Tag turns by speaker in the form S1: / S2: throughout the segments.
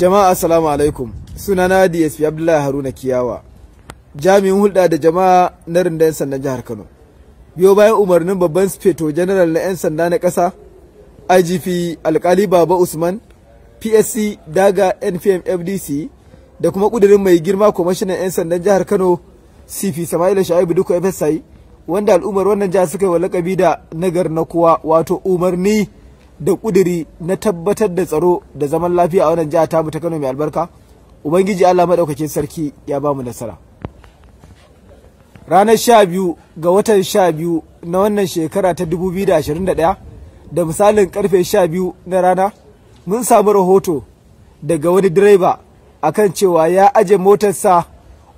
S1: Jama'a assalamu alaikum. Sunana DSP Abdullahi Haruna Kiyawa. Jami'in hulɗa da jama'a na rundunar sandan jihar Kano. Biyo bayan umarnin babban speto general na 'yan sanda na ƙasa, IGP Alkali Baba Usman, PSC Daga NPM FDC da kuma ƙudurin mai girma kwamishinan 'yan sandan jihar Kano CP Sama'ila Sha'ibu Duka FSI wanda al'ummar wannan jihar suka yi wa lakabi da nagar na kowa wato umarni da kuduri na tabbatar da tsaro da zaman lafiya a wannan jiha ta mu ta Kano mai albarka ubangiji Allah madaukakin sarki ya ba mu nasara ranar sha biyu ga watan sha biyu na wannan shekara ta 2021 da misalin karfe sha biyu na rana mun samu rahoto daga wani direba a kan cewa ya aje motarsa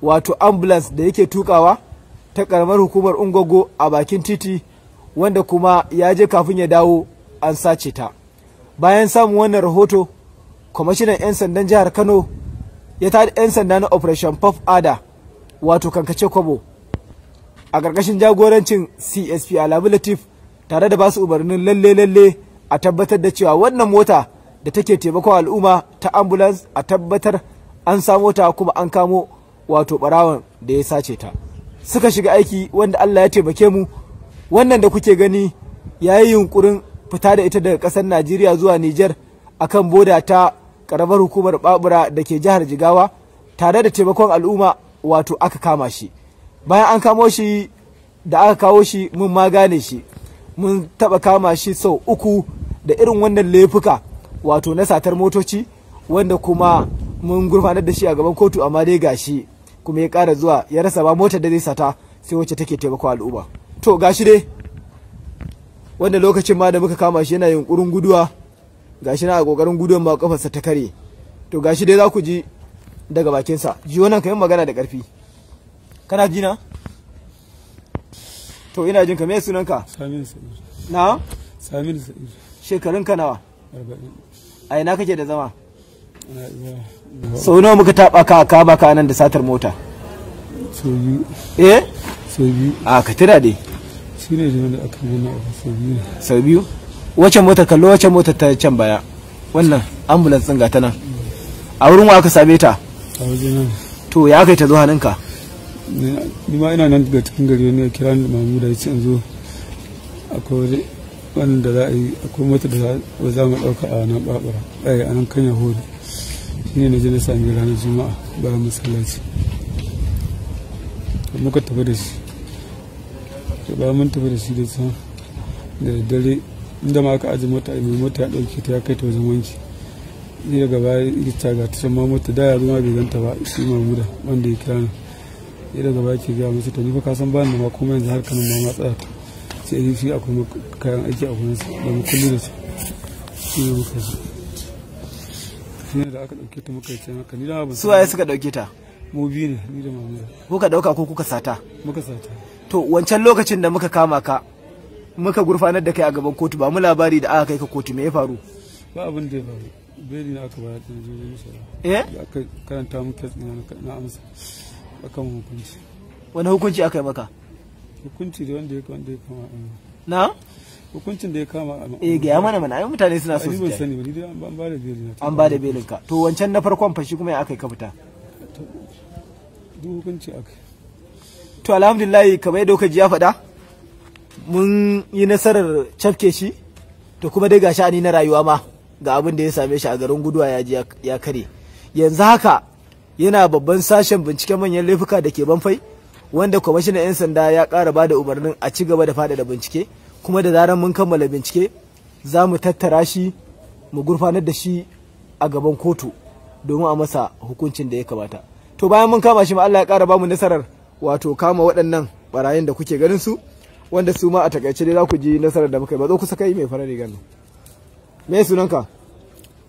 S1: wato ambulance da yake tukawa ta karamar hukumar ungogo a bakin titi wanda kuma ya je kafin ya dawo an sace ta bayan samun wannan rahoto kwamishinan 'yan sandan jihar kano ya tada 'yan sanda na operation puff ada wato kankace kwabo a ƙarƙashin jagorancin csp alamu latif tare da basu umarnin lalle lalle a tabbatar da cewa wannan mota da take taimakon al'umma ta ambulance a tabbatar an samo ta kuma an kamo wato barawan da ya sace ta suka shiga aiki wanda allah ya taimake mu wannan da kuke gani ya yi yunkurin fita da ita daga kasar najeriya zuwa Nijar a kan boda ta karamar hukumar babura da ke jihar jigawa tare da taimakon al'umma wato aka kama shi bayan an kamo shi da aka kawo shi mun ma gane shi mun taba kama shi sau uku da irin wannan laifuka wato na satar motoci wanda kuma mun gurfanar da shi a gaban kotu amma dai gashi kuma ya kara zuwa ya rasa ba motar da zai sata sai wacce take taimako al'umma to gashi dai wanda lokacin ma da muka kama shi yana yunkurin guduwa gashi na a kokarin guduwan ba kafarsa ta kare to gashi dai za ku ji daga bakin sa ji wannan kai magana da karfi kana ji na to ina jin ka me sunanka Saminu Sa'id na Saminu Sa'id shekarun ka nawa 40 a ina kake da zama sau nawa muka taba ka ka ka nan da satar mota sau biyu eh sau biyu a ka tira dai shi ne da aka nuna a biyu sau biyu wacce mota kallo wacce mota ta can baya wannan ambulance din gata nan a wurin wa aka same ta a nan to ya kai ta zo hannunka
S2: ni ma ina nan daga cikin gari ne kira ni mamu da yace in zo akwai wanda za a yi akwai mota da za mu dauka a nan babura ai eh, a nan kanya yahudu shine na je na sami ranar juma'a bayan masallaci muka tafi da shi to bayan mun tafi da shi da can da dare inda ma aka aji mota mai mota ya dauke ta ya kai ta wajen wanki sai daga baya ya ta ga tashan ma mota da ya zama bai ganta ba shi mamuda wanda ya kira ni sai daga baya ke gaya musu to ni fa ka san ba ni ma kuma yanzu har kanin ma matsala ta sai yi shi akwai kayan aiki a gurin da mu kullu da su shi ne muka yi
S1: shi ne da aka dauke ta muka yi can haka ni da ba su waye suka dauke ta mu biyu ne ni da mamuda kuka dauka ko kuka sata muka sata to wancan lokacin da muka kama ka muka gurfanar da kai a gaban kotu ba mu labari da aka kai ka kotu me ya faru
S2: ba abin da ya faru beli na aka bayar da jirgin nisa
S1: eh aka karanta mun kes ina na amsa akan hukunci wani hukunci aka yi maka hukunci da wanda ya kama wanda ya
S2: kama eh. na hukuncin da ya kama a eh ga mana mana ai mutane suna so su sani ba ni dai an ba da na an ba da belin ka
S1: to wancan na farkon fashi kuma ya aka yi ka fita To duk hukunci aka to alhamdulillah kamar yadda kuka ji ya faɗa mun yi nasarar cafke shi to kuma dai gashi sha'ani na rayuwa ma ga abin da ya same shi a garin guduwa ya ji ya kare yanzu haka yana babban sashen binciken manyan laifuka da ke banfai wanda kwamishinan 'yan sanda ya kara bada da umarnin a ci gaba da faɗaɗa bincike kuma da zaran mun kammala bincike za mu tattara shi mu gurfanar da shi a gaban kotu domin a masa hukuncin da ya kamata to bayan mun kama shi ma Allah ya kara ba mu nasarar wato kama waɗannan barayin da kuke ganin su wanda su ma a takaice dai za ku ji nasarar da muka yi ba zo kusa kai mai fara riga ne. me sunanka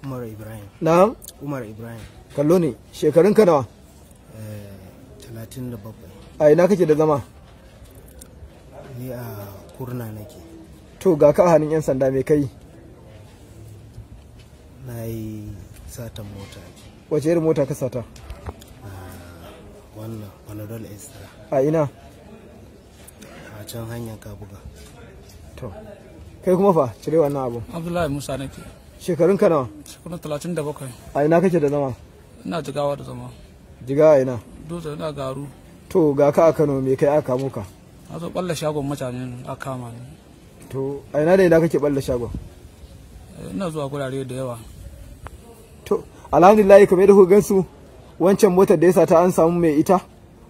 S1: Umar Ibrahim na'am Umar Ibrahim kallo ne shekarun ka nawa eh, talatin da bakwai a ina kake da zama ni a kurna nake to ga ka hannun yan sanda mai kai na yi satan mota wace irin mota ka sata wannan panadol extra a ina a can hanyar kabuga to kai kuma fa cire wannan abu
S2: abdullahi musa nake
S1: shekarun ka nawa
S2: shekarun talatin da bakwai
S1: a ina kake da zama
S2: ina jigawa da zama jigawa ina dutse ina garu
S1: to ga ka a kano me kai aka kamo ka
S2: a zo balla shagon mutane a kama ni to
S1: a ina da ina kake balla shagon
S2: eh, ina zuwa gurare da yawa
S1: to alhamdulillah kamar da gan su. wancan motar da ya sata an samu mai ita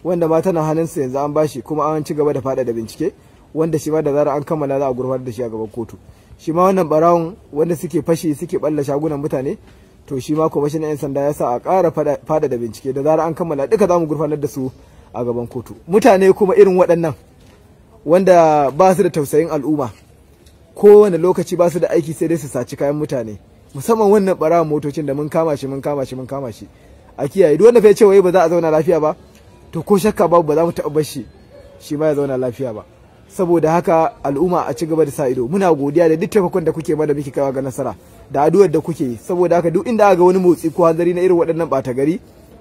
S1: wanda ma tana hannunsa yanzu an bashi kuma an ci gaba da fada da bincike wanda shi ma da zara an kammala za a gurfar da shi a gaban kotu shi ma wannan barawon wanda suke fashi suke balla shagunan mutane to shi ma kwamishinan 'yan sanda ya sa a ƙara fada da bincike da zara an kammala duka za mu gurfanar da su a gaban kotu mutane kuma irin waɗannan wanda ba su da tausayin al'umma kowane lokaci ba su da aiki sai dai su saci kayan mutane musamman wannan barawon motocin da mun kama shi mun kama shi mun kama shi a kiyaye duk wanda fa ya ce wai ba za a zauna lafiya ba to ko shakka babu ba za mu taɓa bashi shi ma ya zauna lafiya ba saboda haka al'umma a ci gaba da sa ido muna godiya da duk taimakon da kuke mana muke kaiwa ga nasara da addu'ar da kuke yi saboda haka duk inda aka ga wani motsi ko hanzari na irin waɗannan ɓata gari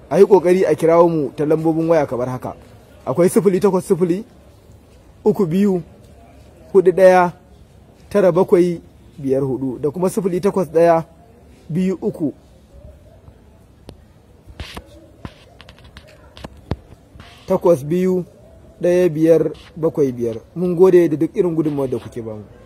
S1: a yi ƙoƙari a kirawo mu ta lambobin waya kamar haka akwai sifili takwas sifili uku biyu hudu ɗaya tara bakwai biyar hudu da kuma sifili takwas ɗaya biyu uku takwas biyu ɗaya biyar bakwai biyar mun gode da duk irin gudunmawar da kuke bamu